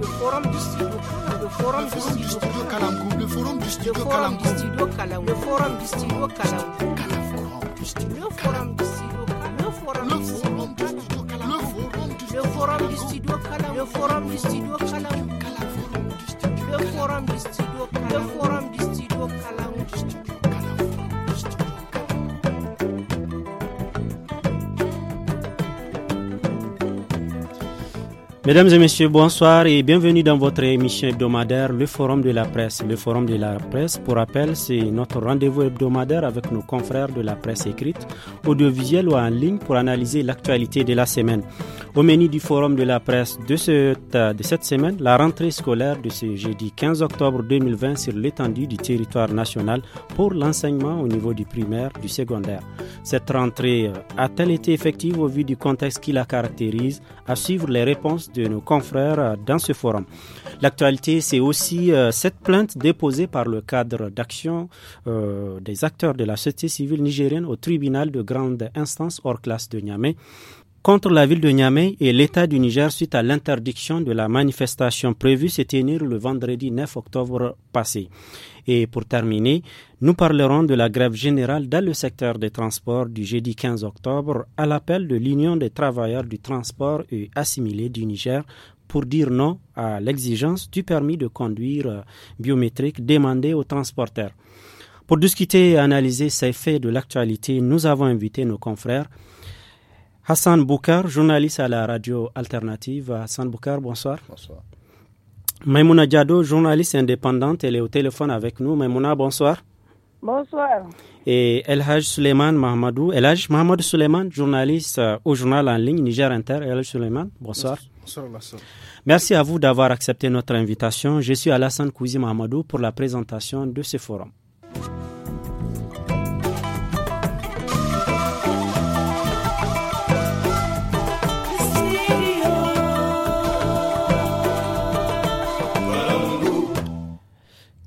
le forum du studio le forum du studio Kalamkou le forum du studio Kalamkou le forum du studio Kalamkou le forum du studio le forum du le forum du studio le forum du studio Kalamkou le forum du studio Kalamkou le forum du studio le forum du studio Mesdames et messieurs, bonsoir et bienvenue dans votre émission hebdomadaire Le Forum de la Presse. Le Forum de la Presse, pour rappel, c'est notre rendez-vous hebdomadaire avec nos confrères de la presse écrite, audiovisuelle ou en ligne pour analyser l'actualité de la semaine. Au menu du Forum de la Presse de, cette de cette semaine, la rentrée scolaire de ce jeudi 15 octobre 2020 sur l'étendue du territoire national pour l'enseignement au niveau du primaire, du secondaire. Cette rentrée a-t-elle été effective au vu du contexte qui la caractérise À suivre les réponses de nos confrères euh, dans ce forum. L'actualité, c'est aussi euh, cette plainte déposée par le cadre d'action euh, des acteurs de la société civile nigérienne au tribunal de grande instance hors classe de Niamey contre la ville de Niamey et l'État du Niger suite à l'interdiction de la manifestation prévue se tenir le vendredi 9 octobre passé. Et pour terminer, nous parlerons de la grève générale dans le secteur des transports du jeudi 15 octobre à l'appel de l'Union des travailleurs du transport et assimilés du Niger pour dire non à l'exigence du permis de conduire biométrique demandé aux transporteurs. Pour discuter et analyser ces faits de l'actualité, nous avons invité nos confrères. Hassan Boukar, journaliste à la radio alternative. Hassan Boukar, bonsoir. Bonsoir. Maimouna Diado, journaliste indépendante, elle est au téléphone avec nous. Maimouna, bonsoir. Bonsoir. Et Elhaj Suleiman Mahamadou, Elhaj Mahamadou Suleiman, journaliste euh, au journal en ligne Niger Inter. Elhaj Suleiman, bonsoir. bonsoir. Merci à vous d'avoir accepté notre invitation. Je suis Alassane Kouzi Mahamadou pour la présentation de ce forum.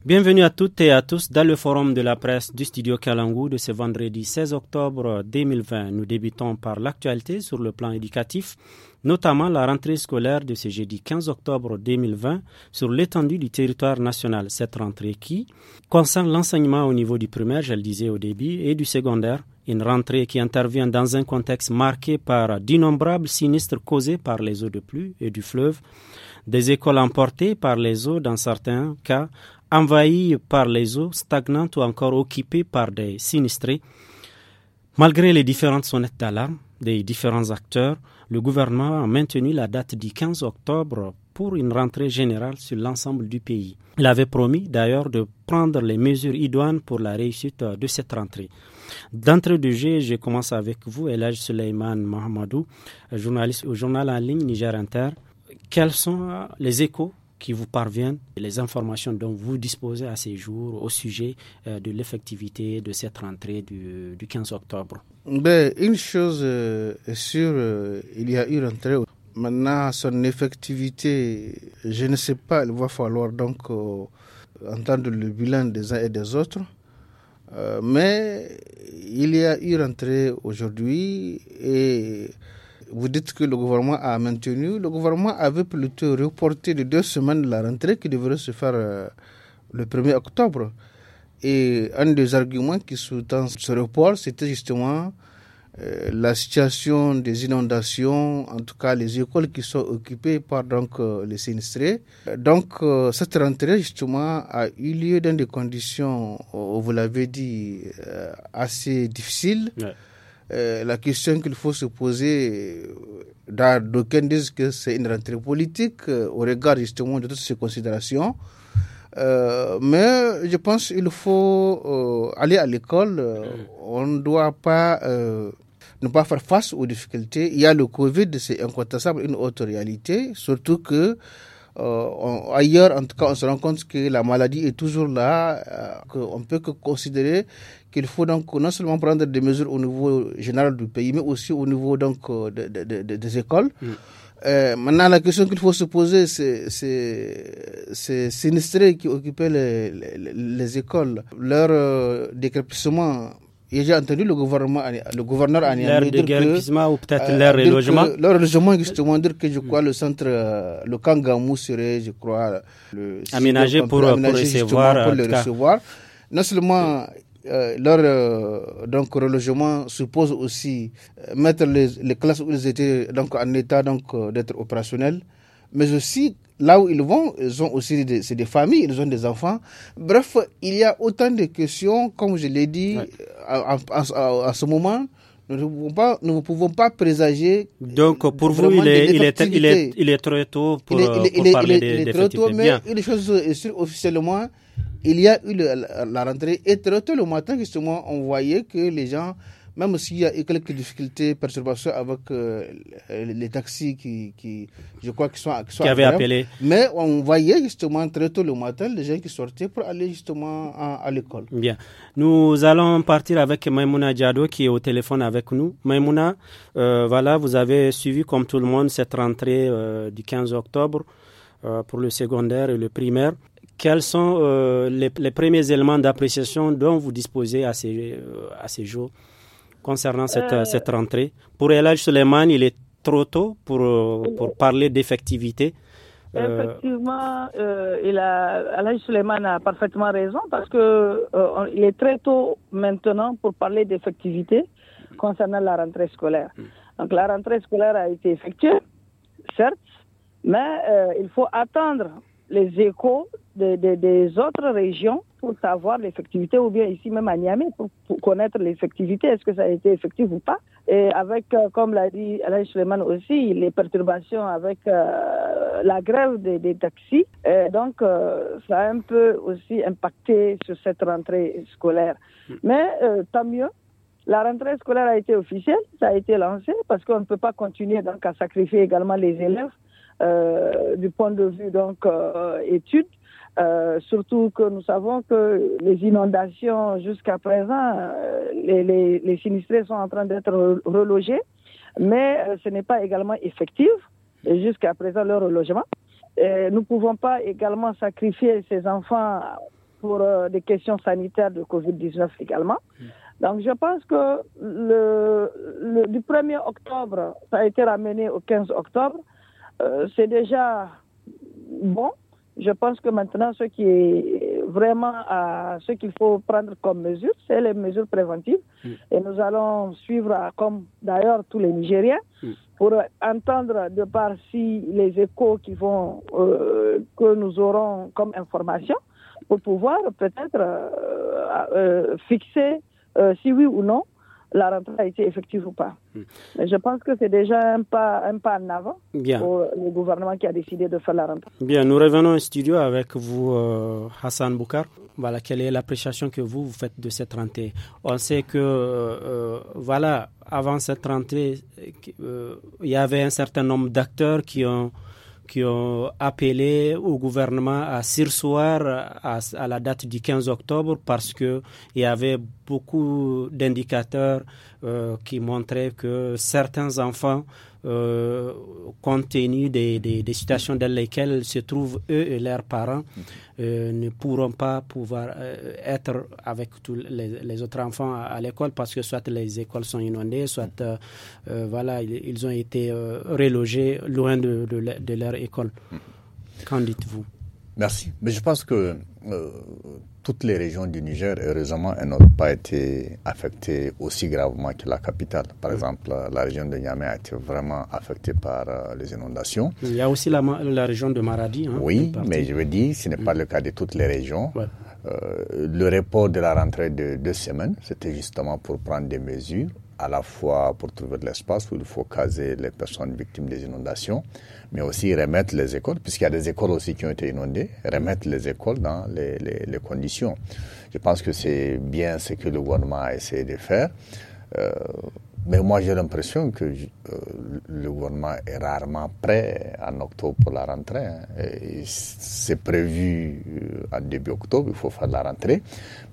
Bienvenue à toutes et à tous dans le forum de la presse du studio Kalangou de ce vendredi 16 octobre 2020. Nous débutons par l'actualité sur le plan éducatif, notamment la rentrée scolaire de ce jeudi 15 octobre 2020 sur l'étendue du territoire national. Cette rentrée qui concerne l'enseignement au niveau du primaire, je le disais au début, et du secondaire, une rentrée qui intervient dans un contexte marqué par d'innombrables sinistres causés par les eaux de pluie et du fleuve, des écoles emportées par les eaux dans certains cas, envahie par les eaux stagnantes ou encore occupée par des sinistrés. Malgré les différentes sonnettes d'alarme des différents acteurs, le gouvernement a maintenu la date du 15 octobre pour une rentrée générale sur l'ensemble du pays. Il avait promis d'ailleurs de prendre les mesures idoines pour la réussite de cette rentrée. D'entrée de jeu, je commence avec vous, Elage Suleiman Mahamadou, journaliste au journal en ligne Niger Inter. Quels sont les échos qui vous parviennent, les informations dont vous disposez à ces jours au sujet euh, de l'effectivité de cette rentrée du, 15 octobre ben, Une chose euh, est sûre, euh, il y a eu rentrée. Maintenant, son effectivité, je ne sais pas, il va falloir donc entendre le bilan des uns et des autres. mais il y a eu rentrée aujourd'hui et vous dites que le gouvernement a maintenu. Le gouvernement avait plutôt reporté de deux semaines la rentrée qui devrait se faire euh, le 1er octobre. Et un des arguments qui sous-tend ce report, c'était justement euh, la situation des inondations, en tout cas les écoles qui sont occupées par donc, euh, les sinistrés. Donc cette rentrée justement a eu lieu dans des conditions, vous l'avez dit, assez difficiles. Euh, la question qu'il faut se poser, euh, d'aucuns disent que c'est une rentrée politique euh, au regard justement de toutes ces considérations. mais je pense qu'il faut aller à l'école. On ne doit pas ne pas faire face aux difficultés. Il y a le Covid, c'est incontestable, une autre réalité, surtout que en tout cas, on se rend compte que la maladie est toujours là, qu'on ne peut que considérer qu'il faut donc non seulement prendre des mesures au niveau général du pays, mais aussi au niveau donc euh, des écoles. Mm. Euh, maintenant, la question qu'il faut se poser, c'est ces sinistrés qui occupaient les, écoles, leur euh, décrépissement j'ai entendu le gouvernement, euh, le gouverneur a dire que, ou peut-être leur logement. Leur logement, justement, dire que je mm. crois le centre, le camp Gamou serait, je crois, aménagé pour, pour, recevoir, pour le recevoir. Non seulement euh, leur euh, donc relogement suppose aussi euh, mettre les, classes où ils étaient donc en état donc d'être opérationnels, mais aussi là où ils vont, ils ont aussi des, des, familles, ils ont des enfants. Bref, il y a autant de questions, comme je l'ai dit, à, ce moment. Nous ne pouvons pas, présager. Donc, pour vous, il est, il, est, il, est, il est, trop tôt pour, il est, parler des, mais bien. une chose est officiellement, il y a eu la rentrée et très tôt le matin, justement, on voyait que les gens, même s'il y a eu quelques difficultés, perturbations avec euh, les taxis qui, je crois, qui sont, qui avaient appelé. Mais on voyait justement très tôt le matin les gens qui sortaient pour aller justement à, l'école. Bien. Nous allons partir avec Maimouna Diado qui est au téléphone avec nous. Maimouna, euh, voilà, vous avez suivi comme tout le monde cette rentrée euh, du 15 octobre pour le secondaire et le primaire quels sont euh, les, premiers éléments d'appréciation dont vous disposez à ces, euh, à ces jours concernant cette, euh, rentrée Pour Elage Suleiman, il est trop tôt pour, parler d'effectivité. Effectivement, Alain a, a parfaitement raison parce que il est très tôt maintenant pour parler d'effectivité concernant la rentrée scolaire. Hmm. Donc la rentrée scolaire a été effectuée, certes, mais il faut attendre les échos des autres régions pour savoir l'effectivité, ou bien ici même à Niamey, pour, connaître l'effectivité, est-ce que ça a été effectif ou pas. Et avec, euh, comme l'a dit Alain Schleman aussi, les perturbations avec euh, la grève des, taxis. donc, euh, ça a un peu aussi impacté sur cette rentrée scolaire. Hmm. Mais tant mieux. La rentrée scolaire a été officielle, ça a été lancé, parce qu'on ne peut pas continuer donc, à sacrifier également les élèves euh, du point de vue donc euh, étude, Euh, surtout que nous savons que les inondations jusqu'à présent, euh, les, les, les, sinistrés sont en train d'être relogés, mais ce n'est pas également effectif jusqu'à présent leur relogement. nous ne pouvons pas également sacrifier ces enfants pour des questions sanitaires de Covid-19 également. Donc je pense que le, le, du 1er octobre, ça a été ramené au 15 octobre, euh, c'est déjà bon. Je pense que maintenant, ce qui est vraiment à ce qu'il faut prendre comme mesure, c'est les mesures préventives. Mm. Et nous allons suivre, euh, comme d'ailleurs tous les Nigériens, mm. pour entendre de par si les échos qui vont, euh, que nous aurons comme information, pour pouvoir peut-être fixer si oui ou non la rentrée a été effective ou pas. Hmm. Je pense que c'est déjà un pas, un pas en avant pour le gouvernement qui a décidé de faire la rentrée. Bien, nous revenons au studio avec vous, euh, Hassan Boukar. Voilà, quelle est l'appréciation que vous, vous faites de cette rentrée On sait que, euh, euh, voilà, avant cette rentrée, il y avait un certain nombre d'acteurs qui ont qui ont appelé au gouvernement à sursoir à, la date du 15 octobre parce qu'il y avait beaucoup d'indicateurs euh, qui montraient que certains enfants euh, compte tenu des, des, situations dans lesquelles se trouvent eux et leurs parents, mm-hmm. euh, ne pourront pas pouvoir euh, être avec tous les, autres enfants à, l'école parce que soit les écoles sont inondées, soit mm-hmm. voilà, ils, ont été relogés loin de, de leur école. Mm-hmm. Qu'en dites-vous Merci. Mais je pense que euh, toutes les régions du Niger, heureusement, n'ont pas été affectées aussi gravement que la capitale. Par mm. exemple, la région de Niamey a été vraiment affectée par euh, les inondations. Il y a aussi la, région de Maradi. Hein, oui, mais je veux dire, ce n'est pas mm. le cas de toutes les régions. Euh, le report de la rentrée de deux semaines, c'était justement pour prendre des mesures à la fois pour trouver de l'espace où il faut caser les personnes victimes des inondations, mais aussi remettre les écoles, puisqu'il y a des écoles aussi qui ont été inondées, remettre les écoles dans les, conditions. Je pense que c'est bien ce que le gouvernement a essayé de faire. Euh, mais moi, j'ai l'impression que euh, le gouvernement est rarement prêt en octobre pour la rentrée. Hein. C'est prévu euh, en début octobre, il faut faire la rentrée.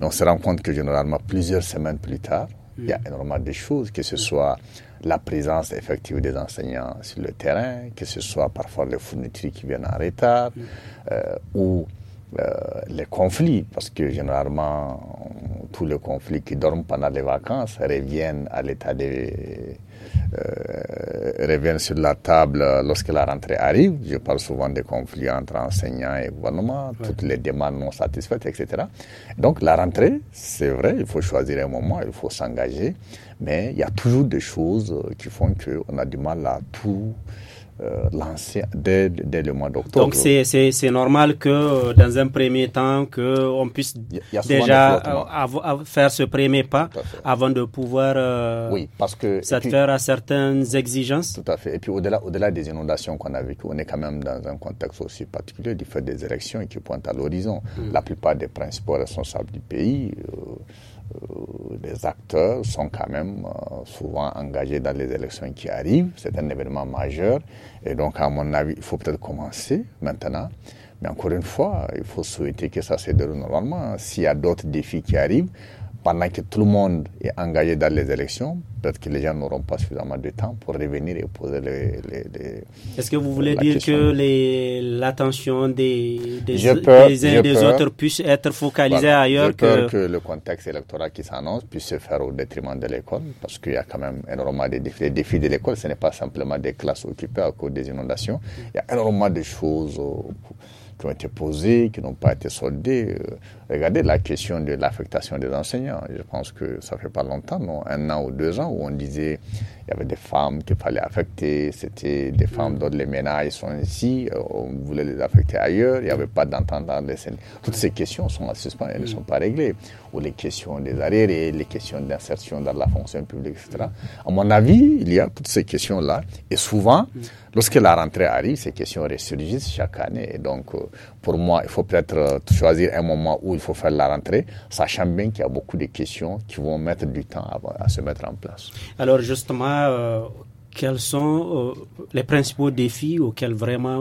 Mais on se rend compte que généralement, plusieurs semaines plus tard, il y a énormément de choses, que ce soit la présence effective des enseignants sur le terrain, que ce soit parfois les fournitures qui viennent en retard, euh, ou euh, les conflits, parce que généralement, tous les conflits qui dorment pendant les vacances reviennent à l'état de. Euh, reviennent sur la table lorsque la rentrée arrive. Je parle souvent des conflits entre enseignants et gouvernement, toutes les demandes non satisfaites, etc. Donc la rentrée, c'est vrai, il faut choisir un moment, il faut s'engager, mais il y a toujours des choses qui font qu'on a du mal à tout euh, lancé dès, le mois d'octobre. Donc c'est normal que euh, dans un premier temps que on puisse déjà faire ce premier pas avant de pouvoir euh, oui, parce que, à certaines exigences. Tout à fait. Et puis au-delà au -delà des inondations qu'on a vécues, on est quand même dans un contexte aussi particulier du fait des élections qui pointent à l'horizon. Mmh. La plupart des principaux responsables du pays... Euh, les acteurs sont quand même euh, souvent engagés dans les élections qui arrivent. C'est un événement majeur. Et donc, à mon avis, il faut peut-être commencer maintenant. Mais encore une fois, il faut souhaiter que ça se déroule normalement. S'il y a d'autres défis qui arrivent, pendant que tout le monde est engagé dans les élections, peut-être que les gens n'auront pas suffisamment de temps pour revenir et poser les. les, Est-ce que vous voulez dire que l'attention des, des, des, autres puisse être focalisée ailleurs je que... que le contexte électoral qui s'annonce puisse se faire au détriment de l'école, parce qu'il y a quand même énormément de défis. Les défis de l'école, ce n'est pas simplement des classes occupées à cause des inondations. Il y a énormément de choses qui ont été posées, qui n'ont pas été soldées. Euh, regardez la question de l'affectation des enseignants. Je pense que ça fait pas longtemps, un an ou deux ans, où on disait il y avait des femmes qu'il fallait affecter, c'était des femmes mm. dont les ménages sont ici, euh, on voulait les affecter ailleurs, il n'y avait pas d'entente dans les Toutes ces questions sont en suspens, elles ne mm. sont pas réglées les questions des et les questions d'insertion dans la fonction publique, etc. À mon avis, il y a toutes ces questions-là. Et souvent, mm. lorsque la rentrée arrive, ces questions ressurgissent chaque année. Et donc, euh, pour moi, il faut peut-être euh, choisir un moment où il faut faire la rentrée, sachant bien qu'il y a beaucoup de questions qui vont mettre du temps à, se mettre en place. Alors, justement, euh, quels sont les principaux défis auxquels vraiment...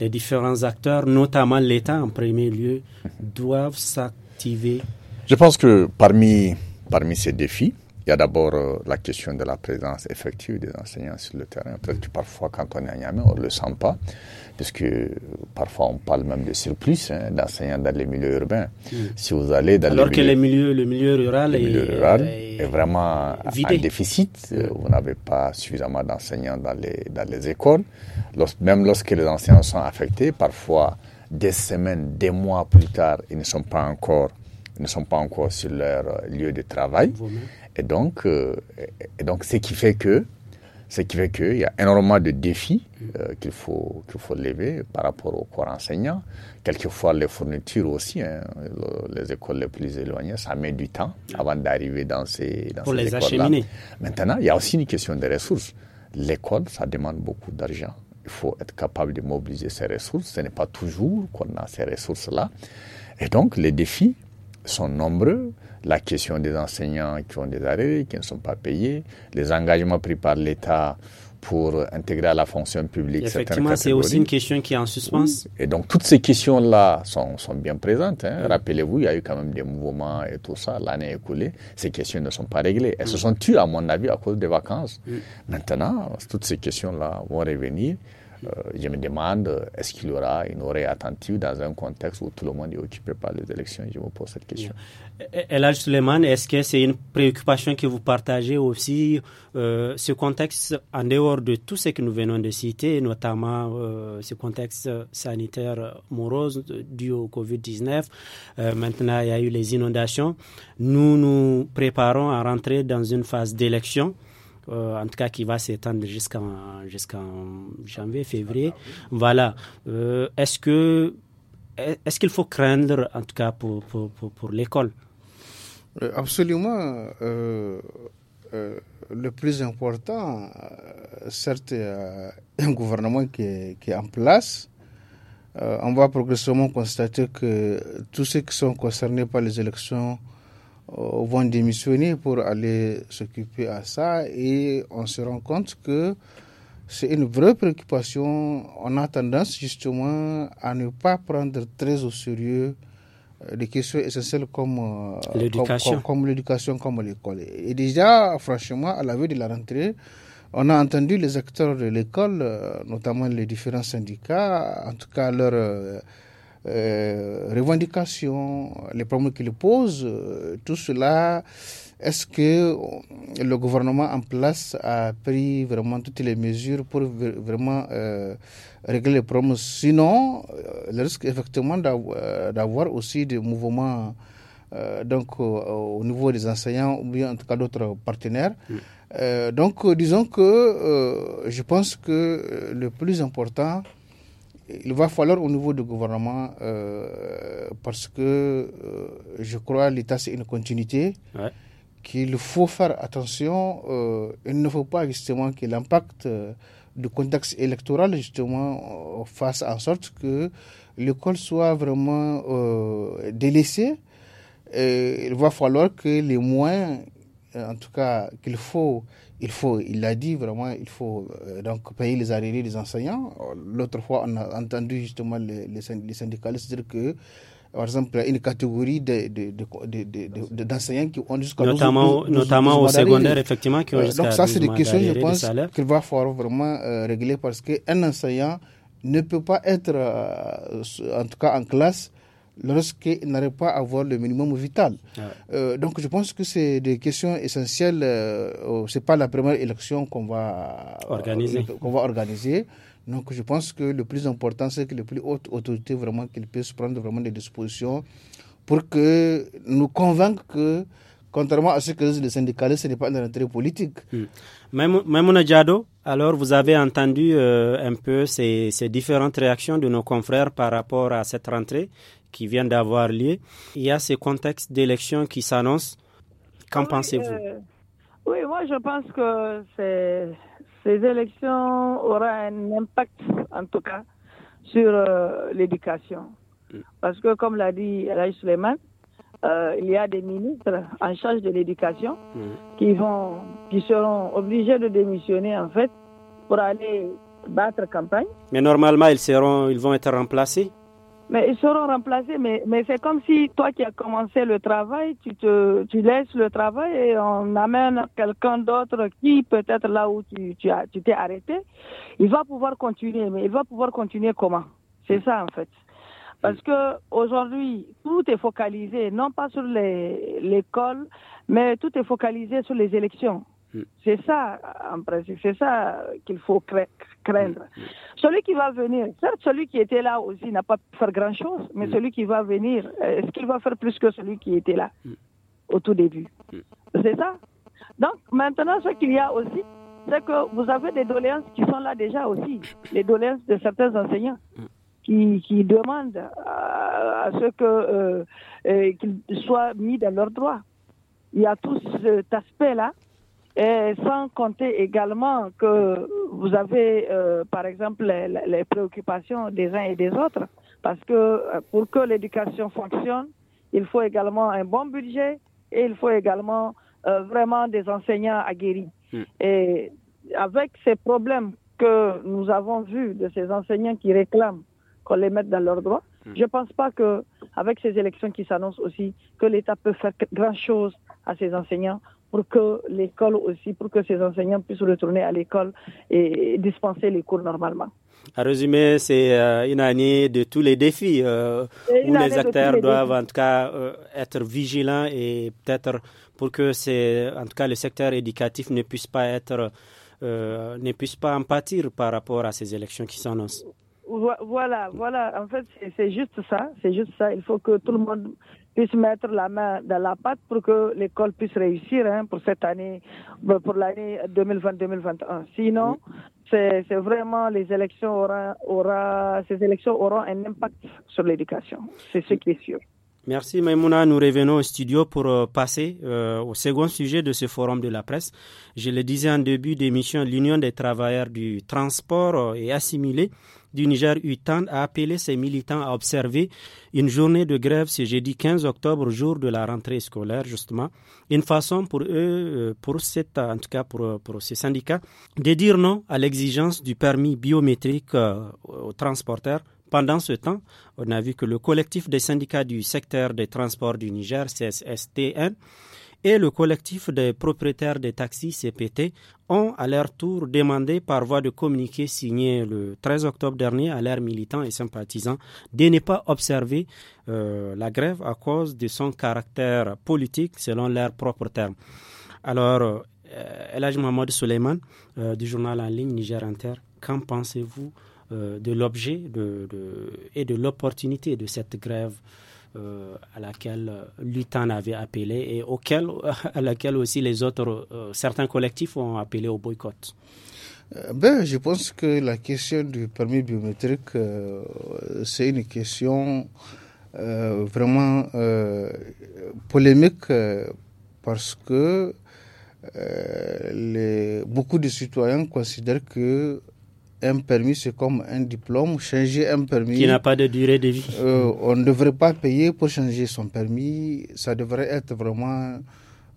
les différents acteurs, notamment l'État en premier lieu, mm-hmm. doivent s'activer je pense que parmi, parmi ces défis, il y a d'abord euh, la question de la présence effective des enseignants sur le terrain. Peut-être que parfois, quand on est à Niamey, on ne le sent pas, puisque euh, parfois on parle même de surplus hein, d'enseignants dans les milieux urbains. Mm. Si vous allez dans Alors que les milieux, le milieu rural, est, vraiment en déficit. Euh, mm. Vous n'avez pas suffisamment d'enseignants dans les, dans les écoles. même lorsque les enseignants sont affectés, parfois des semaines, des mois plus tard, ils ne sont pas encore ne sont pas encore sur leur euh, lieu de travail. Et donc, euh, et donc ce qui fait que ce qui fait qu'il y a énormément de défis mm. euh, qu'il faut, qu'il faut lever par rapport au corps enseignant. Quelquefois, les fournitures aussi, hein, les écoles les plus éloignées, ça met du temps ah. avant d'arriver dans ces, dans Pour ces les acheminer. Maintenant, il y a aussi une question des ressources. L'école, ça demande beaucoup d'argent. Il faut être capable de mobiliser ces ressources. Ce n'est pas toujours qu'on a ces ressources-là. Et donc, les défis sont nombreux, la question des enseignants qui ont des arrêts, qui ne sont pas payés, les engagements pris par l'État pour intégrer à la fonction publique. Effectivement, c'est aussi une question qui est en suspens. Et donc, toutes ces questions-là sont, sont, bien présentes. Hein. Rappelez-vous, il y a eu quand même des mouvements et tout ça. L'année écoulée, ces questions ne sont pas réglées. Elles se sont tues, à mon avis, à cause des vacances. Maintenant, toutes ces questions-là vont revenir. Euh, je me demande, est-ce qu'il y aura une oreille attentive dans un contexte où tout le monde est occupé par les élections Je vous pose cette question. E-, Elhaj Suleiman, est-ce que c'est une préoccupation que vous partagez aussi euh, ce contexte en dehors de tout ce que nous venons de citer, notamment euh, ce contexte sanitaire morose dû au Covid-19 Maintenant, il y a eu les inondations. Nous nous préparons à rentrer dans une phase d'élection. Euh, en tout cas qui va s'étendre jusqu'en janvier, février. Voilà. Euh, est-ce que est-ce qu'il faut craindre, en tout cas pour, pour, pour, l'école euh, Absolument. le plus important, certes, il un gouvernement qui est, qui est en place. on va progressivement constater que tous ceux qui sont concernés par les élections euh, vont démissionner pour aller s'occuper à ça et on se rend compte que c'est une vraie préoccupation. On a tendance justement à ne pas prendre très au sérieux les euh, questions essentielles comme euh, l'éducation, comme, l'éducation comme l'école. Et déjà, franchement, à la vue de la rentrée, on a entendu les acteurs de l'école, notamment les différents syndicats, en tout cas leur euh, revendications, les problèmes qu'il pose, euh, tout cela, est-ce que euh, le gouvernement en place a pris vraiment toutes les mesures pour vraiment euh, régler les problèmes Sinon, le risque effectivement d'avoir aussi des mouvements donc au niveau des enseignants ou bien en tout cas d'autres partenaires. Mm. donc disons que je pense que le plus important il va falloir au niveau du gouvernement, euh, parce que euh, je crois l'État c'est une continuité, qu'il faut faire attention. Euh, il ne faut pas justement que l'impact du contexte électoral justement fasse en sorte que l'école soit vraiment délaissée. il va falloir que les moins... Euh, en tout cas, qu'il faut, il faut, il l'a dit vraiment, il faut euh, donc payer les arriérés des enseignants. L'autre fois, on a entendu justement les, syndicalistes dire que par exemple, une catégorie d'enseignants de, qui ont jusqu'à Notamment, au secondaire, effectivement, qui ont euh, jusqu'à Donc ça, c'est des questions, je pense, qu'il va falloir vraiment régler parce qu'un enseignant ne peut pas être, en tout cas en classe, lorsqu'ils n'arrivent pas à avoir le minimum vital. Euh, donc je pense que c'est des questions essentielles. Euh, c'est pas la première élection qu'on va organiser. Euh, qu'on va organiser. Donc je pense que le plus important, c'est que les plus hautes autorités, vraiment, qu'ils puissent prendre vraiment des dispositions pour que nous convaincre que, contrairement à ce que disent les syndicalistes, ce n'est pas une rentrée politique. même même Diado, alors vous avez entendu un peu ces, ces différentes réactions de nos confrères par rapport à cette rentrée qui vient d'avoir lieu. Il y a ce contexte d'élection qui s'annonce. Qu'en pensez-vous euh, Oui, moi je pense que ces, ces élections auront un impact, en tout cas, sur euh, l'éducation. Mm. Parce que, comme l'a dit Raïs Suleiman, euh, il y a des ministres en charge de l'éducation mm. qui vont, qui seront obligés de démissionner en fait pour aller battre campagne. Mais normalement, ils seront, ils vont être remplacés. Mais ils seront remplacés, mais, c'est comme si toi qui as commencé le travail, tu laisses le travail et on amène quelqu'un d'autre qui peut-être là où tu t'es arrêté, il va pouvoir continuer, mais il va pouvoir continuer comment C'est ça en fait. Parce que aujourd'hui, tout est focalisé non pas sur l'école, mais tout est focalisé sur les élections. Mm. C'est ça, en principe, c'est ça qu'il faut craindre. Mm. Mm. Celui qui va venir, certes, celui qui était là aussi n'a pas pu faire grand-chose, mais celui qui va venir, euh, est-ce qu'il va faire plus que celui qui était là au tout début C'est ça. Donc, maintenant, ce qu'il y a aussi, c'est que vous avez des doléances qui sont là déjà aussi, les doléances de certains enseignants. Qui, demandent à, ce que euh, euh, qu'ils soient mis dans leurs droits. Il y a tout cet aspect-là et sans compter également que vous avez, euh, par exemple, les, préoccupations des uns et des autres, parce que euh, pour que l'éducation fonctionne, il faut également un bon budget et il faut également euh, vraiment des enseignants aguerris. Hmm. Et avec ces problèmes que nous avons vus de ces enseignants qui réclament qu'on les mette dans leurs droits, hmm. je ne pense pas que avec ces élections qui s'annoncent aussi, que l'État peut faire grand chose à ces enseignants pour que l'école aussi, pour que ces enseignants puissent retourner à l'école et dispenser les cours normalement. À résumer, c'est euh, une année de tous les défis euh, où les acteurs doivent en tout cas euh, être vigilants et peut-être pour que c'est en tout cas le secteur éducatif ne puisse pas être ne puisse pas en pâtir par rapport à ces élections qui s'annoncent. Voilà, voilà. En fait, c'est juste ça. C'est juste ça. Il faut que tout le monde puisse mettre la main dans la patte pour que l'école puisse réussir hein, pour cette année, euh, pour l'année 2020-2021. Sinon, c'est vraiment les élections aura, ces élections auront un impact sur l'éducation. C'est ce qui est sûr. Merci Maimouna. Nous revenons au studio pour euh, passer euh, au second sujet de ce forum de la presse. Je le disais en début d'émission, l'Union des travailleurs du transport est assimilée du Niger UTAN a appelé ses militants à observer une journée de grève ce jeudi 15 octobre, jour de la rentrée scolaire, justement. Une façon pour eux, euh, en tout cas pour, pour ces syndicats, de dire non à l'exigence du permis biométrique euh, aux transporteurs pendant ce temps, on a vu que le collectif des syndicats du secteur des transports du Niger, CSSTN, et le collectif des propriétaires des taxis, CPT, ont à leur tour demandé par voie de communiqué signé le 13 octobre dernier à leurs militants et sympathisants de ne pas observer euh, la grève à cause de son caractère politique selon leurs propres termes. Alors, euh, Elhaj Mohamed Suleiman euh, du journal en ligne Niger Inter, qu'en pensez-vous euh, de l'objet de, et de l'opportunité de cette grève euh, à laquelle euh, l'UTAN avait appelé et auquel, à laquelle aussi les autres, certains collectifs ont appelé au boycott. Ben, je pense que la question du permis biométrique, c'est une question vraiment polémique parce que beaucoup de citoyens considèrent que un permis, c'est comme un diplôme. Changer un permis. Qui n'a pas de durée de vie. Euh, on ne devrait pas payer pour changer son permis. Ça devrait être vraiment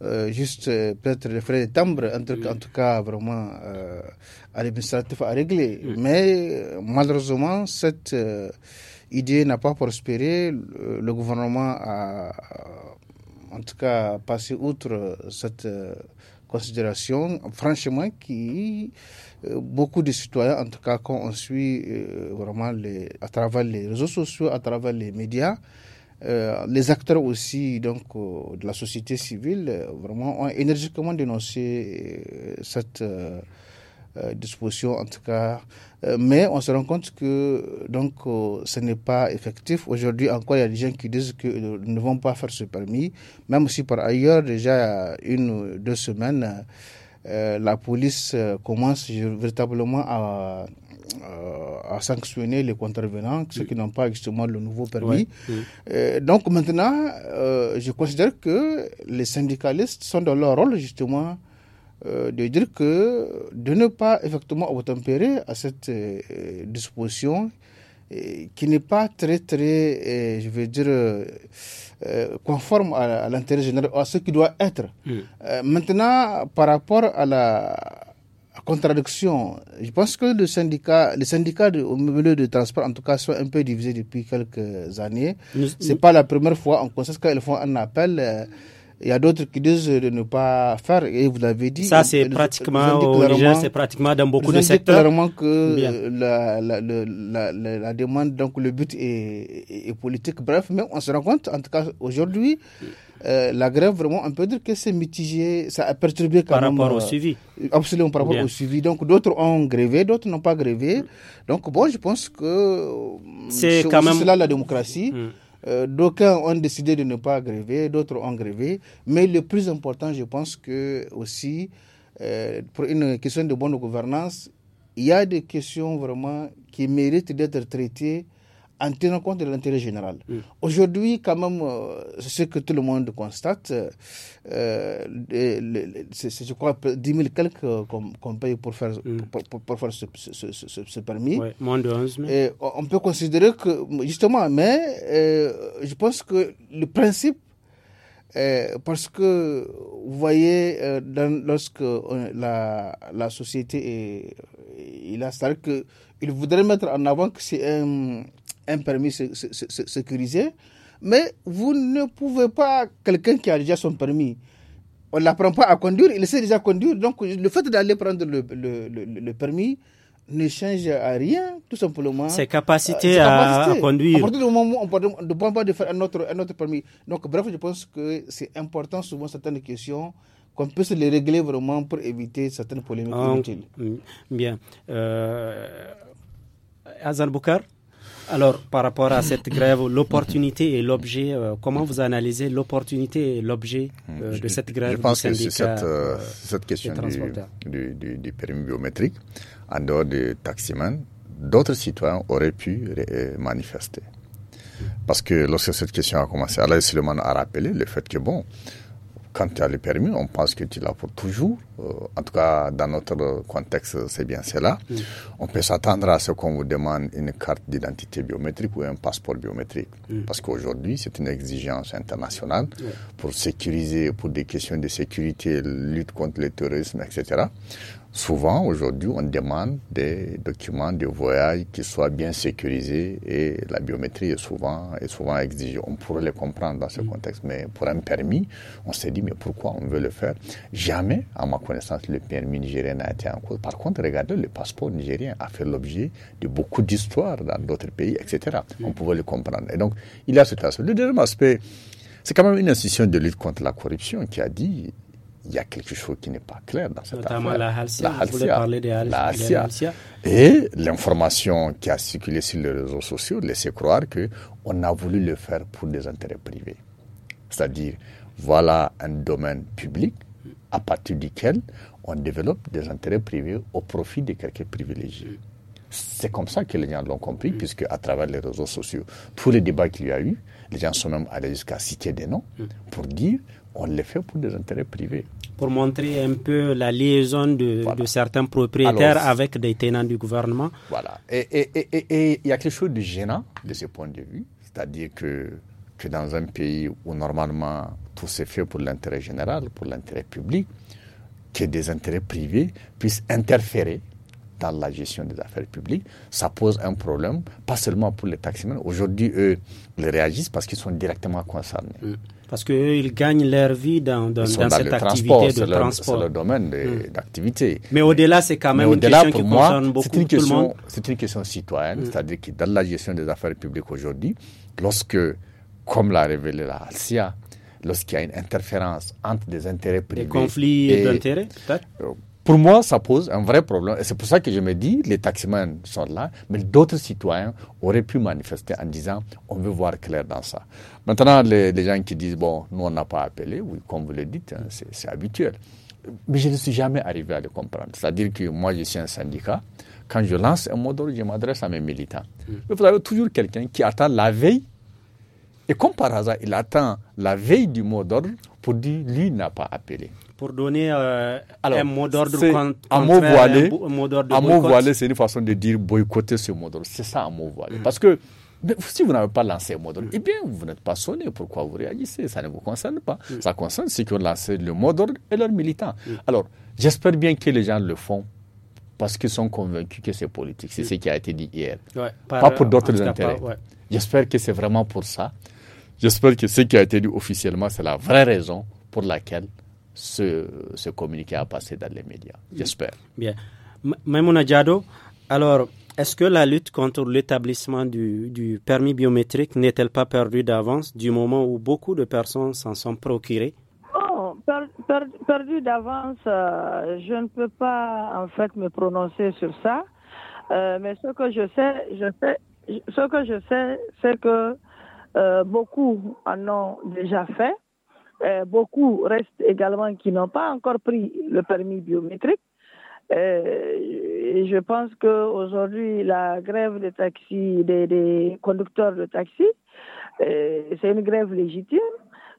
euh, juste euh, peut-être les frais de timbre, en, tout cas vraiment administratif à régler. Mais malheureusement, cette idée n'a pas prospéré. Le, gouvernement a, en tout cas, passé outre cette considération, franchement, qui euh, beaucoup de citoyens, en tout cas quand on suit euh, vraiment les, à travers les réseaux sociaux, à travers les médias, euh, les acteurs aussi donc de la société civile vraiment ont énergiquement dénoncé cette euh, disposition en tout cas. Euh, mais on se rend compte que donc euh, ce n'est pas effectif. Aujourd'hui encore, il y a des gens qui disent qu'ils ne vont pas faire ce permis, même si par ailleurs déjà une ou deux semaines. la police commence véritablement à, sanctionner les contrevenants, ceux qui n'ont pas justement le nouveau permis. donc maintenant, je considère que les syndicalistes sont dans leur rôle justement euh, de dire que de ne pas effectivement tempérer à cette euh, disposition euh, qui n'est pas très, très, je veux dire, conforme à, l'intérêt général, à ce qui doit être. maintenant, par rapport à la contradiction, je pense que le syndicat, les syndicats au milieu de transport, en tout cas, sont un peu divisés depuis quelques années. Ce c'est pas la première fois en constate qu'ils font un appel. Il y a d'autres qui disent de ne pas faire, et vous l'avez dit. Ça, c'est pratiquement c'est pratiquement dans beaucoup de secteurs. clairement que euh, la, la, la, la, demande, donc le but est, est, politique. Bref, mais on se rend compte, en tout cas aujourd'hui, euh, la grève, vraiment, on peut dire que c'est mitigé, ça a perturbé quand par même. Par rapport au euh, suivi. Absolument, par rapport au suivi. Donc, d'autres ont grévé, d'autres n'ont pas grévé. Mm. Donc, bon, je pense que c'est quand même. C'est là la démocratie. Mm. Euh, d'aucuns ont décidé de ne pas gréver, d'autres ont grévé. Mais le plus important, je pense que aussi, euh, pour une question de bonne gouvernance, il y a des questions vraiment qui méritent d'être traitées en tenant compte de l'intérêt général. Aujourd'hui, quand même, euh, c'est ce que tout le monde constate, euh, euh, c'est, je crois, 10 000 quelques qu'on, paye pour faire, pour, faire ce, permis. moins de 11 on peut considérer que, justement, mais je pense que le principe parce que vous voyez, lorsque la, la, société est, il a que il voudrait mettre en avant que c'est un, un permis sécurisé, mais vous ne pouvez pas, quelqu'un qui a déjà son permis, on ne l'apprend pas à conduire, il sait déjà conduire. Donc, le fait d'aller prendre le, le, le, permis ne change à rien, tout simplement. Ses capacités, euh, à, à, conduire. À partir du moment où on ne peut pas de faire un autre, un autre permis. Donc, bref, je pense que c'est important, souvent, certaines questions qu'on puisse les régler vraiment pour éviter certaines polémiques inutiles. Mm, bien. Euh, Azan Boukar alors, par rapport à cette grève, l'opportunité et l'objet, euh, comment vous analysez l'opportunité et l'objet euh, de cette grève Je pense que sur euh, cette, question du, du, permis biométrique. En dehors du taximan, d'autres citoyens auraient pu manifester. Parce que lorsque cette question a commencé, Alain Suleiman a rappelé le fait que, bon, quand tu as le permis, on pense que tu l'as pour toujours. Euh, en tout cas, dans notre contexte, c'est bien cela. Mm. On peut s'attendre à ce qu'on vous demande une carte d'identité biométrique ou un passeport biométrique. Mm. Parce qu'aujourd'hui, c'est une exigence internationale pour sécuriser, pour des questions de sécurité, lutte contre le terrorisme, etc. Souvent, aujourd'hui, on demande des documents de voyage qui soient bien sécurisés et la biométrie est souvent, est souvent exigée. On pourrait le comprendre dans ce mm. contexte, mais pour un permis, on s'est dit, mais pourquoi on veut le faire Jamais, à ma connaissance, le permis nigérien n'a été en cause. Par contre, regardez, le passeport nigérien a fait l'objet de beaucoup d'histoires dans d'autres pays, etc. Mm. On pouvait le comprendre. Et donc, il y a cette aspect. Le deuxième aspect, c'est quand même une institution de lutte contre la corruption qui a dit il y a quelque chose qui n'est pas clair dans cette affaire. la la Halcia. Et l'information qui a circulé sur les réseaux sociaux laissait croire que on a voulu le faire pour des intérêts privés. C'est-à-dire, voilà un domaine public à partir duquel on développe des intérêts privés au profit de quelques privilégiés. C'est comme ça que les gens l'ont compris, puisque à travers les réseaux sociaux, tous les débats qu'il y a eu, les gens sont même allés jusqu'à citer des noms pour dire on les fait pour des intérêts privés. Pour montrer un peu la liaison de, certains propriétaires avec des tenants du gouvernement. Voilà. Et il y a quelque chose de gênant de ce point de vue. C'est-à-dire que, que dans un pays où normalement tout se fait pour l'intérêt général, pour l'intérêt public, que des intérêts privés puissent interférer dans la gestion des affaires publiques, ça pose un problème, pas seulement pour les taximens. Aujourd'hui, eux, ils réagissent parce qu'ils sont directement concernés. Mm parce qu'ils gagnent leur vie dans, dans, cette activité de transport. C'est le domaine hmm. d'activité. Mais au-delà, c'est quand même une question qui moi, concerne beaucoup tout le monde. C'est une question citoyenne, hmm. c'est-à-dire que dans la gestion des affaires publiques aujourd'hui, lorsque, comme l'a révélé la Halcia, lorsqu'il y a une interférence entre des intérêts privés. Des conflits d'intérêts, peut-être euh, pour moi, ça pose un vrai problème. Et c'est pour ça que je me dis, les taximans sont là, mais d'autres citoyens auraient pu manifester en disant, on veut voir clair dans ça. Maintenant, les, gens qui disent, bon, nous, on n'a pas appelé, oui, comme vous le dites, hein, c'est habituel. Mais je ne suis jamais arrivé à le comprendre. C'est-à-dire que moi, je suis un syndicat. Quand je lance un mot d'ordre, je m'adresse à mes militants. Mm. Mais vous avez toujours quelqu'un qui attend la veille. Et comme par hasard, il attend la veille du mot d'ordre pour dire, lui n'a pas appelé pour donner euh, un mot d'ordre un mot voilé, un, mot voilé, c'est une façon de dire boycotter ce mot d'ordre. C'est ça un mot voilé. Mm. Parce que si vous n'avez pas lancé un mot d'ordre, mm. eh bien, vous n'êtes pas sonné. Pourquoi vous réagissez Ça ne vous concerne pas. Mm. Ça concerne ceux qui ont lancé le mot d'ordre et leurs militants. Alors, j'espère bien que les gens le font parce qu'ils sont convaincus que c'est politique. C'est ce qui a été dit hier. pas pour d'autres intérêts. J'espère que c'est vraiment pour ça. J'espère que ce qui a été dit officiellement, c'est la vraie raison pour laquelle ce, ce communiqué a passé dans les médias. J'espère. Bien. Maimouna Diado, alors, est-ce que la lutte contre l'établissement du, permis biométrique n'est-elle pas perdue d'avance du moment où beaucoup de personnes s'en sont procurées oh, Perdue d'avance, euh, je ne peux pas en fait me prononcer sur ça. Euh, mais ce que je sais, je ce que je sais, c'est que euh, beaucoup en ont déjà fait. Euh, beaucoup restent également qui n'ont pas encore pris le permis biométrique. Euh, je pense qu'aujourd'hui, la grève des taxis, des, conducteurs de taxi, euh, c'est une grève légitime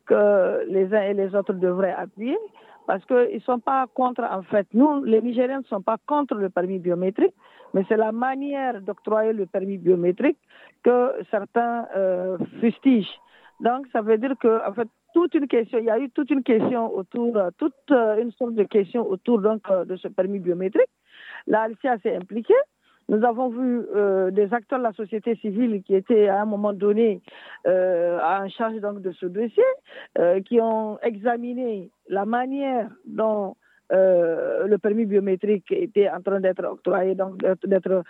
que les uns et les autres devraient appuyer parce qu'ils ne sont pas contre, en fait, nous, les Nigériens ne sont pas contre le permis biométrique, mais c'est la manière d'octroyer le permis biométrique que certains fustigent. Donc, ça veut dire que, en fait, une question, il y a eu toute une question autour, euh, toute euh, une sorte de question autour donc euh, de ce permis biométrique. La LCA s'est impliquée. Nous avons vu des acteurs de la société civile qui étaient à un moment donné en charge donc de ce dossier, qui ont examiné la manière dont le permis biométrique était en train d'être octroyé, donc d'être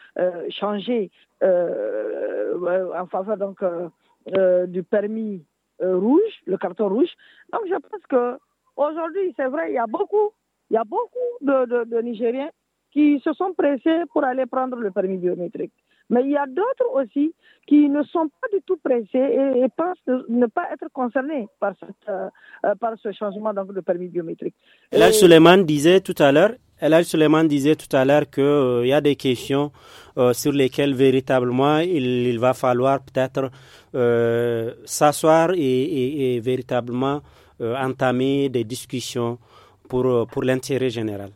changé en faveur donc du permis euh, rouge, le carton rouge. Donc je pense que aujourd'hui, c'est vrai, il y a beaucoup, il y a beaucoup de, Nigériens qui se sont pressés pour aller prendre le permis biométrique. Mais il y a d'autres aussi qui ne sont pas du tout pressés et, pensent ne pas être concernés par, cette, euh, euh, par ce changement donc, de permis biométrique. là, Suleiman disait tout à l'heure, a Suleiman disait tout à l'heure qu'il euh, y a des questions euh, sur lesquelles véritablement il, va falloir peut-être euh, s'asseoir et, véritablement entamer des discussions pour, pour l'intérêt général.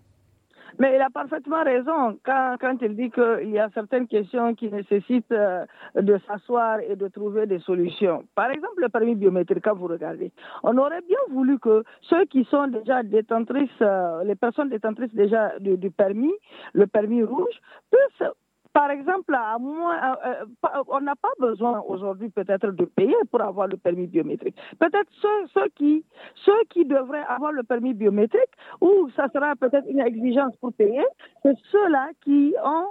Mais il a parfaitement raison quand, quand il dit qu'il y a certaines questions qui nécessitent euh, de s'asseoir et de trouver des solutions. Par exemple, le permis biométrique, quand vous regardez, on aurait bien voulu que ceux qui sont déjà détentrices, euh, les personnes détentrices déjà du permis, le permis rouge, puissent par exemple, moins, euh, euh, euh, on n'a pas besoin aujourd'hui peut-être de payer pour avoir le permis biométrique. Peut-être ceux, qui, ceux qui devraient avoir le permis biométrique, ou ça sera peut-être une exigence pour payer, c'est ceux-là qui ont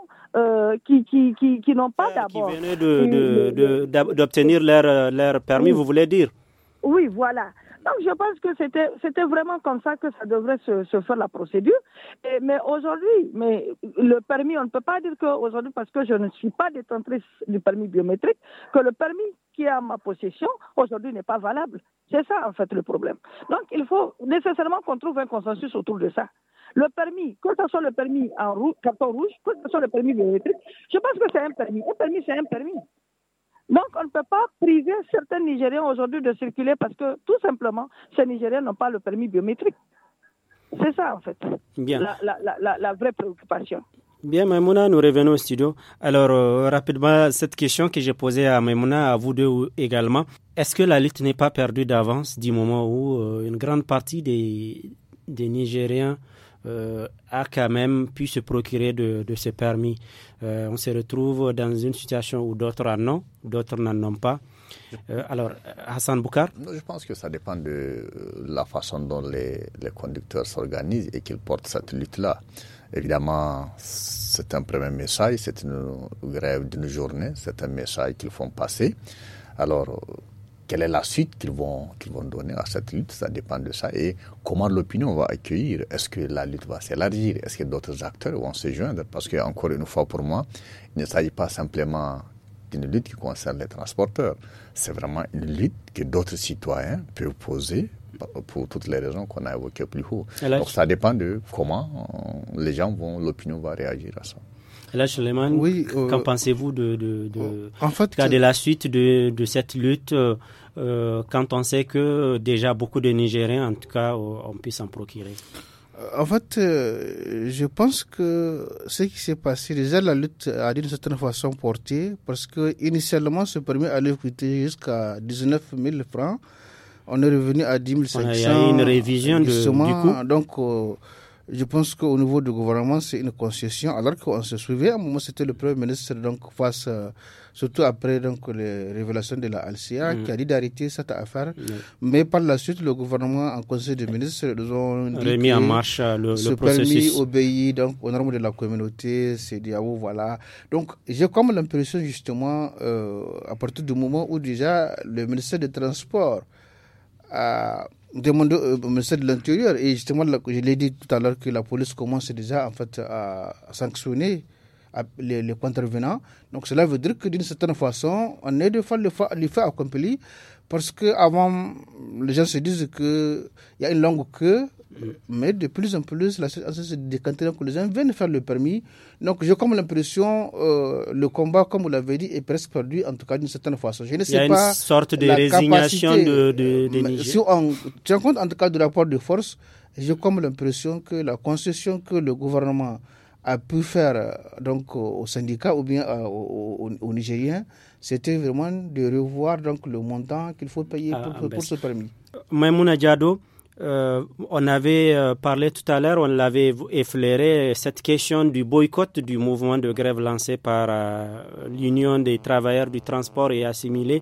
qui, qui, n'ont pas d'abord. Qui venaient d'obtenir leur, permis, vous voulez dire oui, voilà. Donc je pense que c'était, vraiment comme ça que ça devrait se, faire la procédure. mais aujourd'hui, mais le permis, on ne peut pas dire qu'aujourd'hui, parce que je ne suis pas détentrice du permis biométrique, que le permis qui est à ma possession aujourd'hui n'est pas valable. C'est ça en fait le problème. Donc il faut nécessairement qu'on trouve un consensus autour de ça. Le permis, que ce soit le permis en rouge, carton rouge, que ce soit le permis biométrique, je pense que c'est un permis. Un permis, c'est un permis. Donc, on ne peut pas priver certains Nigériens aujourd'hui de circuler parce que, tout simplement, ces Nigériens n'ont pas le permis biométrique. C'est ça, en fait, Bien. La, vraie préoccupation. Bien, Maimouna, nous revenons au studio. Alors, euh, rapidement, cette question que j'ai posée à Maimouna, à vous deux également. Est-ce que la lutte n'est pas perdue d'avance du moment où euh, une grande partie des, des Nigériens euh, a quand même pu se procurer de, de permis. Euh, on se retrouve dans une situation où d'autres en ont, d'autres n'en ont pas. Euh, alors, Hassan Boukar Je pense que ça dépend de la façon dont les, les conducteurs s'organisent et qu'ils portent cette lutte-là. Évidemment, c'est un premier message, c'est une grève d'une journée, c'est un message qu'ils font passer. Alors, quelle est la suite qu'ils vont, vont donner à cette lutte Ça dépend de ça. Et comment l'opinion va accueillir Est-ce que la lutte va s'élargir Est-ce que d'autres acteurs vont se joindre Parce que, encore une fois, pour moi, il ne s'agit pas simplement d'une lutte qui concerne les transporteurs. C'est vraiment une lutte que d'autres citoyens peuvent poser pour toutes les raisons qu'on a évoquées plus haut. Donc ça dépend de comment euh, les gens vont, l'opinion va réagir à ça. Là, qu'en euh, pensez-vous de, de, en de, la suite de, de cette lutte euh, euh, quand on sait que déjà beaucoup de Nigériens, en tout cas, on pu s'en procurer En fait, je pense que ce qui s'est passé, déjà la lutte a d'une certaine façon porté, parce que initialement, ce permis allait coûter jusqu'à 19 000 francs. On est revenu à 10 500. Il y a une révision de, du coup je pense qu'au niveau du gouvernement, c'est une concession, alors qu'on se souvient, à un moment, c'était le Premier ministre, donc, face, euh, surtout après donc, les révélations de la Alcia, mm. qui a dit d'arrêter cette affaire. Mm. Mais par la suite, le gouvernement, en conseil de ministres, nous ont remis en marche euh, le, processus. le permis obéir donc, aux normes de la communauté, c'est dit, voilà. Donc, j'ai comme l'impression, justement, euh, à partir du moment où déjà le ministère des Transports a demande euh, au de l'Intérieur. Et justement, je l'ai dit tout à l'heure que la police commence déjà en fait, à sanctionner les, contrevenants. Donc cela veut dire que d'une certaine façon, on est de faire le, fa fait parce que avant, les gens se disent qu'il y a une longue queue, mais de plus en plus, la situation se décante, que les gens viennent faire le permis. Donc j'ai comme l'impression, euh, le combat, comme vous l'avez dit, est presque perdu, en tout cas d'une certaine façon. Je ne sais Il y a une sorte de résignation de, de, euh, de Niger. Si on tient compte en tout cas du rapport de force, j'ai comme l'impression que la concession que le gouvernement a pu faire euh, donc syndicat syndicat ou bien euh, au au c'était vraiment de revoir donc le montant qu'il faut payer ah, pour, ah, ce permis. Euh, Maimouna Diado, on avait parlé tout à l'heure, on l'avait effleuré, cette question du boycott du mouvement de grève lancé par l'Union des travailleurs du transport et assimilés.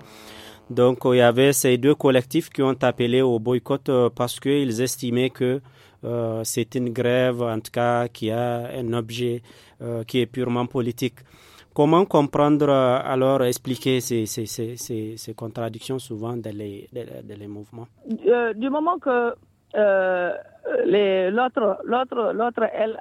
Donc il y avait ces deux collectifs qui ont appelé au boycott parce qu'ils estimaient que euh, c'est une grève, en tout cas, qui a un objet euh, qui est purement politique. Comment comprendre, euh, alors, expliquer ces, ces, ces, ces contradictions souvent des les, mouvements Du moment que l'autre, l'autre, l'autre, elle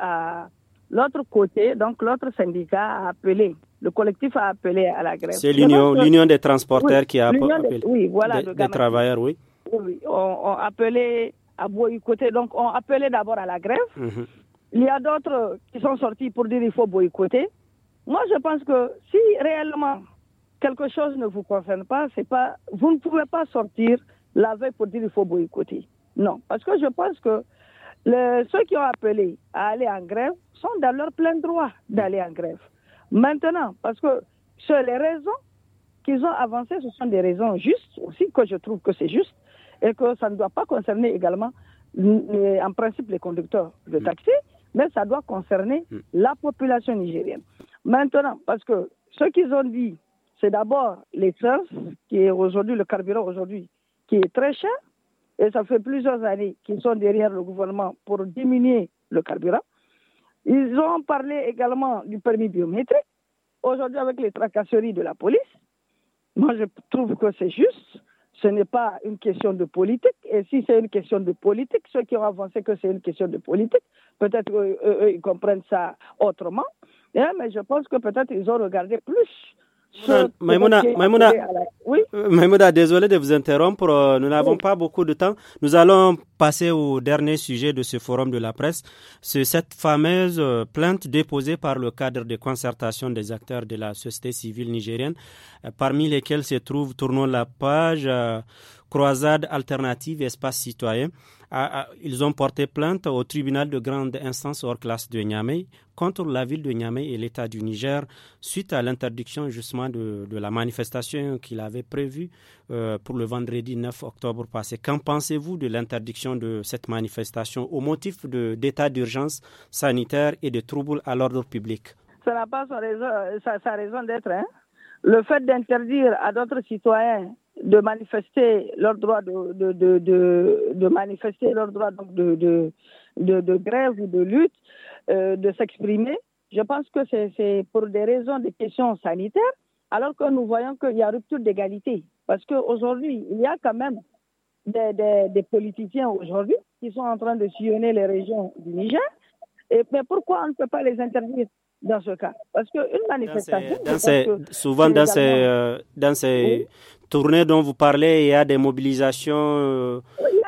l'autre côté, donc l'autre syndicat a appelé le collectif a appelé à la grève. C'est l'union, l'union des transporteurs qui a appelé. oui, voilà, des, travailleurs, oui. Oui, on, on appelé à boycotter. Donc, on appelait d'abord à la grève. Mhm. Il y a d'autres qui sont sortis pour dire qu'il faut boycotter. Moi, je pense que si réellement quelque chose ne vous concerne pas, c'est pas, vous ne pouvez pas sortir la veille pour dire qu'il faut boycotter. Non, parce que je pense que ceux qui ont appelé à aller en grève sont dans leur plein droit d'aller en grève. Maintenant, parce que sur les raisons qu'ils ont avancées, ce sont des raisons justes aussi, que je trouve que c'est juste et que ça ne doit pas concerner également en principe les conducteurs de mm. taxi, mais ça doit concerner mm. la population nigérienne. Maintenant, parce que ce qu'ils ont dit, c'est d'abord les qui est aujourd'hui le carburant aujourd'hui, qui est très cher, et ça fait plusieurs années qu'ils sont derrière le gouvernement pour diminuer le carburant. Ils ont parlé également du permis biométrique. Aujourd'hui, avec les tracasseries de la police, moi je trouve que c'est juste ce n'est pas une question de politique. Et si c'est une question de politique, ceux qui ont avancé que c'est une question de politique, peut-être qu'eux euh, ils comprennent ça autrement. Hein, mais je pense que peut-être ils ont regardé plus euh, Maimouna, oui euh, désolé de vous interrompre. Euh, nous n'avons pas beaucoup de temps. Nous allons passer au dernier sujet de ce forum de la presse. C'est cette fameuse plainte déposée par le cadre de concertation des acteurs de la société civile nigérienne, parmi lesquels se trouve, tournons la page, Croisade alternative espace citoyen ils ont porté plainte au tribunal de grande instance hors classe de Niamey contre la ville de Niamey et l'État du Niger suite à l'interdiction justement de, la manifestation qu'il avait prévue euh, pour le vendredi 9 octobre passé. Qu'en pensez-vous de l'interdiction de cette manifestation au motif d'état d'urgence sanitaire et de troubles à l'ordre public Ça n'a pas euh, sa raison, d'être. Hein. Le fait d'interdire à d'autres citoyens de manifester leur droit de, de, manifester leur droit donc de, de, grève ou de lutte, euh, de s'exprimer. Je pense que c'est pour des raisons de questions sanitaires, alors que nous voyons qu'il y a rupture d'égalité. Parce qu'aujourd'hui, il y a quand même des, politiciens aujourd'hui qui sont en train de sillonner les régions du Niger. Et, mais pourquoi on ne peut pas les interdire dans ce cas. Parce qu'une manifestation. souvent, dans ces, dans ces euh, tournées dont vous parlez, il y a des mobilisations euh,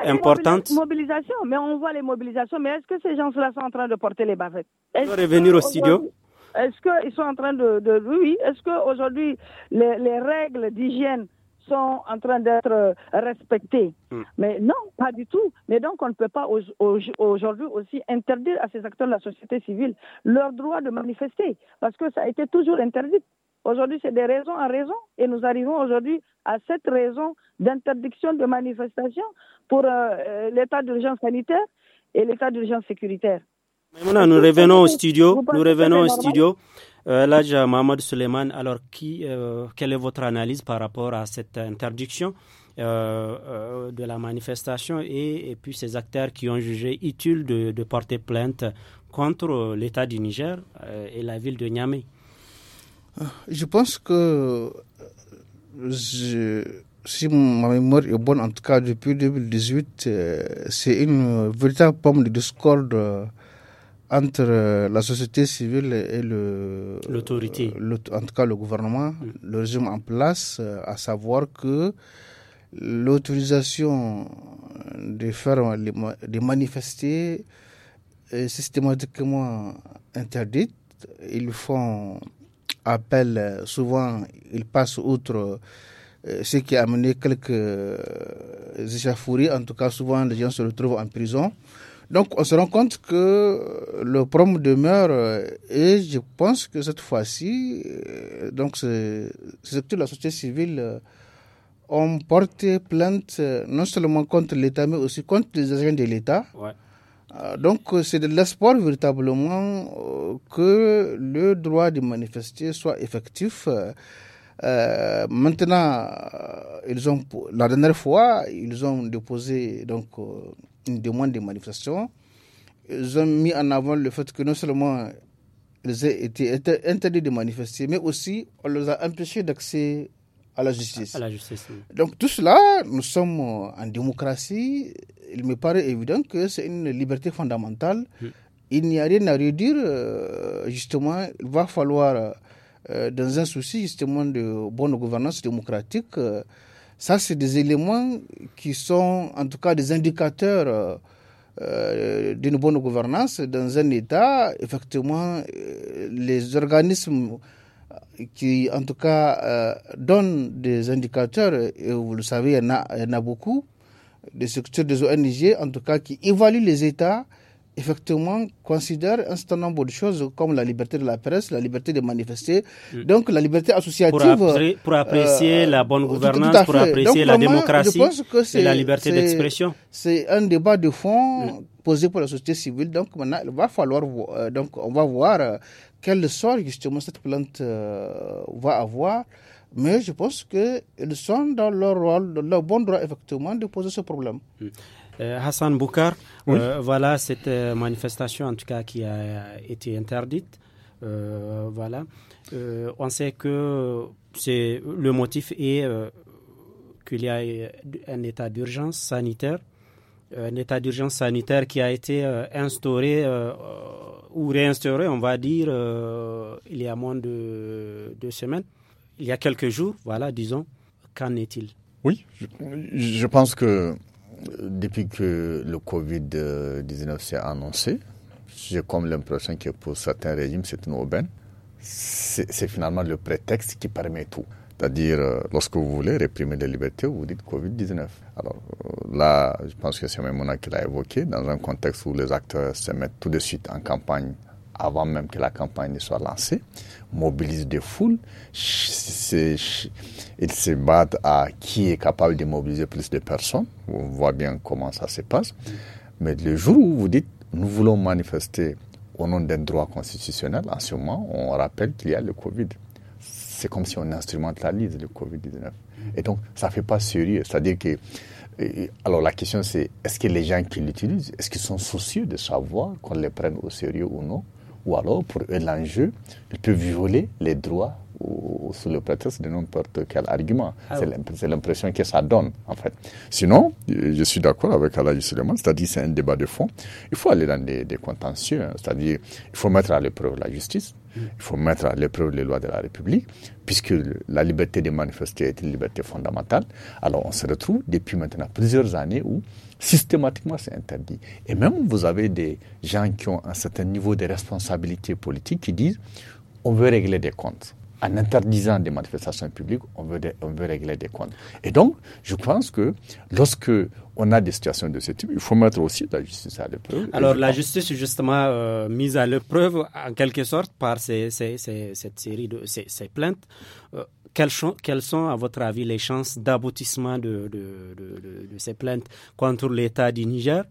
importantes. Des mobilisations, mais on voit les mobilisations. Mais est-ce que ces gens-là sont en train de porter les bavettes Ils vont revenir au studio Est-ce qu'ils sont en train de. de oui, est-ce qu'aujourd'hui, les règles d'hygiène sont en train d'être respectés. Hmm. Mais non, pas du tout. Mais donc, on ne peut pas aujourd'hui aussi interdire à ces acteurs de la société civile leur droit de manifester, parce que ça a été toujours interdit. Aujourd'hui, c'est des raisons en raison, et nous arrivons aujourd'hui à cette raison d'interdiction de manifestation pour euh, euh, l'état d'urgence sanitaire et l'état d'urgence sécuritaire nous revenons au studio. Nous revenons au studio. Euh, là, Mohamed Suleiman, alors qui, euh, quelle est votre analyse par rapport à cette interdiction euh, euh, de la manifestation et, puis ces acteurs qui ont jugé utile de, porter plainte contre l'État du Niger et la ville de Niamey Je pense que si ma mémoire est bonne, en tout cas depuis 2018, c'est une véritable pomme de discorde entre euh, la société civile et le l'autorité, euh, en tout cas le gouvernement, mm. le régime en place, euh, à savoir que l'autorisation de faire de manifester est systématiquement interdite. Ils font appel souvent, ils passent outre ce qui a amené quelques échafouries. En tout cas, souvent les gens se retrouvent en prison. Donc on se rend compte que le problème demeure euh, et je pense que cette fois-ci, euh, donc c'est que la société civile euh, ont porté plainte non seulement contre l'État mais aussi contre les agents de l'État. Donc c'est de l'espoir véritablement que le droit de manifester soit effectif. maintenant, ils ont, la dernière fois, ils ont déposé donc une demande de manifestation. Ils ont mis en avant le fait que non seulement ils étaient interdits de manifester, mais aussi on les a empêchés d'accès à la justice. la justice Donc tout cela, nous sommes en démocratie. Il me paraît évident que c'est une liberté fondamentale. Il n'y a rien à redire. Euh, justement, il va falloir, euh, dans un souci justement de bonne gouvernance démocratique, euh, ça, c'est des éléments qui sont en tout cas des indicateurs euh, euh, d'une bonne gouvernance dans un État. Effectivement, euh, les organismes qui, en tout cas, donnent des indicateurs, et vous le savez, a, il y en a beaucoup, des structures des ONG, en tout cas, qui évaluent les États effectivement considère un certain nombre de choses comme la liberté de la presse, la liberté de manifester, euh, donc la liberté associative. Pour, apprécier euh, la bonne gouvernance, pour apprécier la démocratie et la liberté d'expression. C'est un débat de fond mm. posé pour la société civile. Donc maintenant, il va falloir, euh, donc on va voir quel sort justement cette plainte va avoir. Mais je pense qu'ils sont dans leur rôle, dans leur bon droit effectivement de poser ce problème. Mm. Euh, Hassan Boukar, euh, voilà cette euh, manifestation en tout cas qui a été interdite. voilà. on sait que c'est le motif est qu'il y a un état d'urgence sanitaire, un état d'urgence sanitaire qui a été instauré ou réinstauré, on va dire, il y a moins de deux semaines, il y a quelques jours, voilà, disons. Qu'en est-il Oui, je, pense que depuis que le Covid-19 s'est annoncé, j'ai comme l'impression que pour certains régimes, c'est une aubaine. C'est finalement le prétexte qui permet tout. C'est-à-dire, euh, lorsque vous voulez réprimer les libertés, vous dites Covid-19. Alors euh, là, je pense que c'est Memona qui l'a évoqué, dans un contexte où les acteurs se mettent tout de suite en campagne avant même que la campagne ne soit lancée, mobilisent des foules. Ils se battent à qui est capable de mobiliser plus de personnes. On voit bien comment ça se passe. Mais le jour où vous dites, nous voulons manifester au nom d'un droit constitutionnel, en ce moment, on rappelle qu'il y a le Covid. C'est comme si on instrumentalise le Covid-19. Et donc, ça ne fait pas sérieux. C'est-à-dire que alors la question c'est, est-ce que les gens qui l'utilisent, est-ce qu'ils sont soucieux de savoir qu'on les prenne au sérieux ou non ou alors pour eux l'enjeu, ils peuvent violer les droits sous le prétexte de n'importe quel argument. Ah c'est l'impression que ça donne, en fait. Sinon, je suis d'accord avec Alain Suleiman, c'est-à-dire c'est un débat de fond. Il faut aller dans des, contentieux, hein. c'est-à-dire il faut mettre à l'épreuve la justice, il faut mettre à l'épreuve les lois de la République, puisque la liberté de manifester est une liberté fondamentale. Alors on se retrouve depuis maintenant plusieurs années où Systématiquement, c'est interdit. Et même, vous avez des gens qui ont un certain niveau de responsabilité politique qui disent on veut régler des comptes. En interdisant des manifestations publiques, on veut, on veut régler des comptes. Et donc, je pense que lorsque on a des situations de ce type, il faut mettre aussi la justice à l'épreuve. Alors, la justice est justement, euh, mise à l'épreuve, en quelque sorte, par ces, cette série de ces, plaintes. Euh, quelles, sont, à votre avis, les chances d'aboutissement de, ces plaintes contre l'État du Niger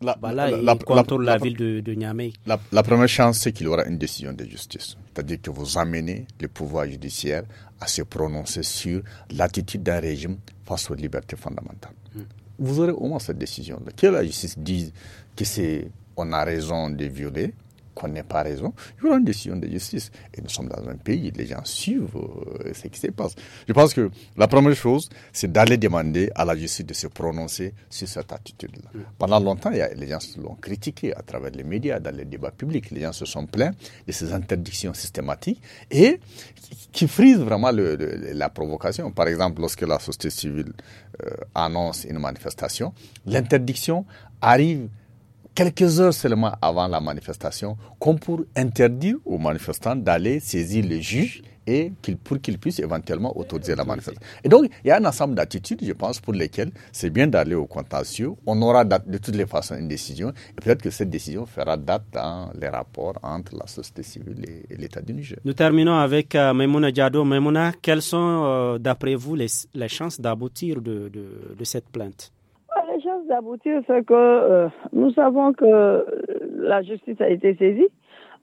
bah la, contre la, ville de, Niamey la, première chance, c'est qu'il y aura une décision de justice. C'est-à-dire que vous amenez le pouvoir judiciaire à se prononcer sur l'attitude d'un régime face aux libertés fondamentales. Hmm. Vous aurez au moins cette décision. Que la justice dise que c'est on a raison de violer, qu'on n'ait pas raison, il y aura une décision de justice. Et nous sommes dans un pays, les gens suivent euh, ce qui se passe. Je pense que la première chose, c'est d'aller demander à la justice de se prononcer sur cette attitude-là. Mm. Pendant longtemps, les gens l'ont critiqué à travers les médias, dans les débats publics. Les gens se sont plaints de ces interdictions systématiques et qui, frisent vraiment le, la provocation. Par exemple, lorsque la société civile euh, annonce une manifestation, l'interdiction arrive quelques heures seulement avant la manifestation, comme pour interdire aux manifestants d'aller saisir le juge et qu'il, pour qu'ils puissent éventuellement autoriser la manifestation. Et donc, il y a un ensemble d'attitudes, je pense, pour lesquelles c'est bien d'aller au contentieux. On aura de toutes les façons une décision, et peut-être que cette décision fera date dans les rapports entre la société civile et, l'État du Niger. Nous terminons avec euh, Diado. Memouna, quelles sont, euh, d'après vous, les, chances d'aboutir de cette plainte aboutir, c'est que euh, nous savons que euh, la justice a été saisie.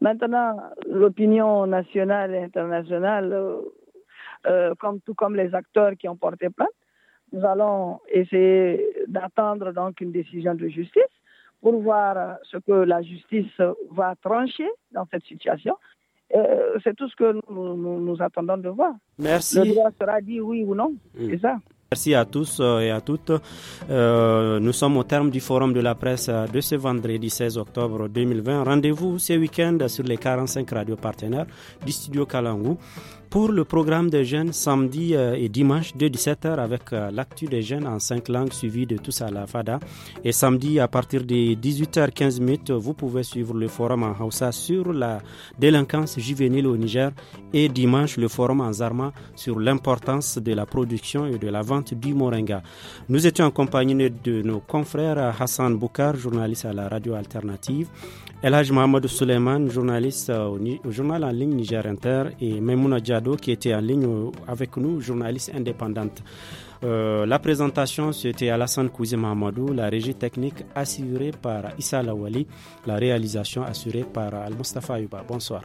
Maintenant, l'opinion nationale et internationale, euh, comme, tout comme les acteurs qui ont porté plainte, nous allons essayer d'attendre donc une décision de justice pour voir ce que la justice va trancher dans cette situation. c'est tout ce que nous, nous, attendons de voir. Merci. Le sera dit oui ou non, mm. c'est ça. Merci à tous euh, et à toutes. Euh, nous sommes au terme du forum de la presse euh, de ce vendredi 16 octobre 2020. Rendez-vous ce week-end sur les 45 radios partenaires du studio Kalangou pour le programme des jeunes, samedi euh, et dimanche de 17h avec euh, l'actu des jeunes en cinq langues suivi de tous à la FADA. Et samedi à partir de 18h15, vous pouvez suivre le forum en Hausa sur la délinquance juvénile au Niger et dimanche le forum en Zarma sur l'importance de la production et de la vente du Moringa. Nous étions en compagnie de nos confrères Hassan Boukar, journaliste à la radio alternative, Elhaj Mohamed Suleiman, journaliste au, journal en ligne Niger Inter et Memouna Diallo qui était en ligne avec nous, journaliste indépendante. Euh, la présentation, c'était Alassane Kouzi Mahamadou, la régie technique assurée par Issa Lawali, la réalisation assurée par Al-Mustafa Yuba. Bonsoir.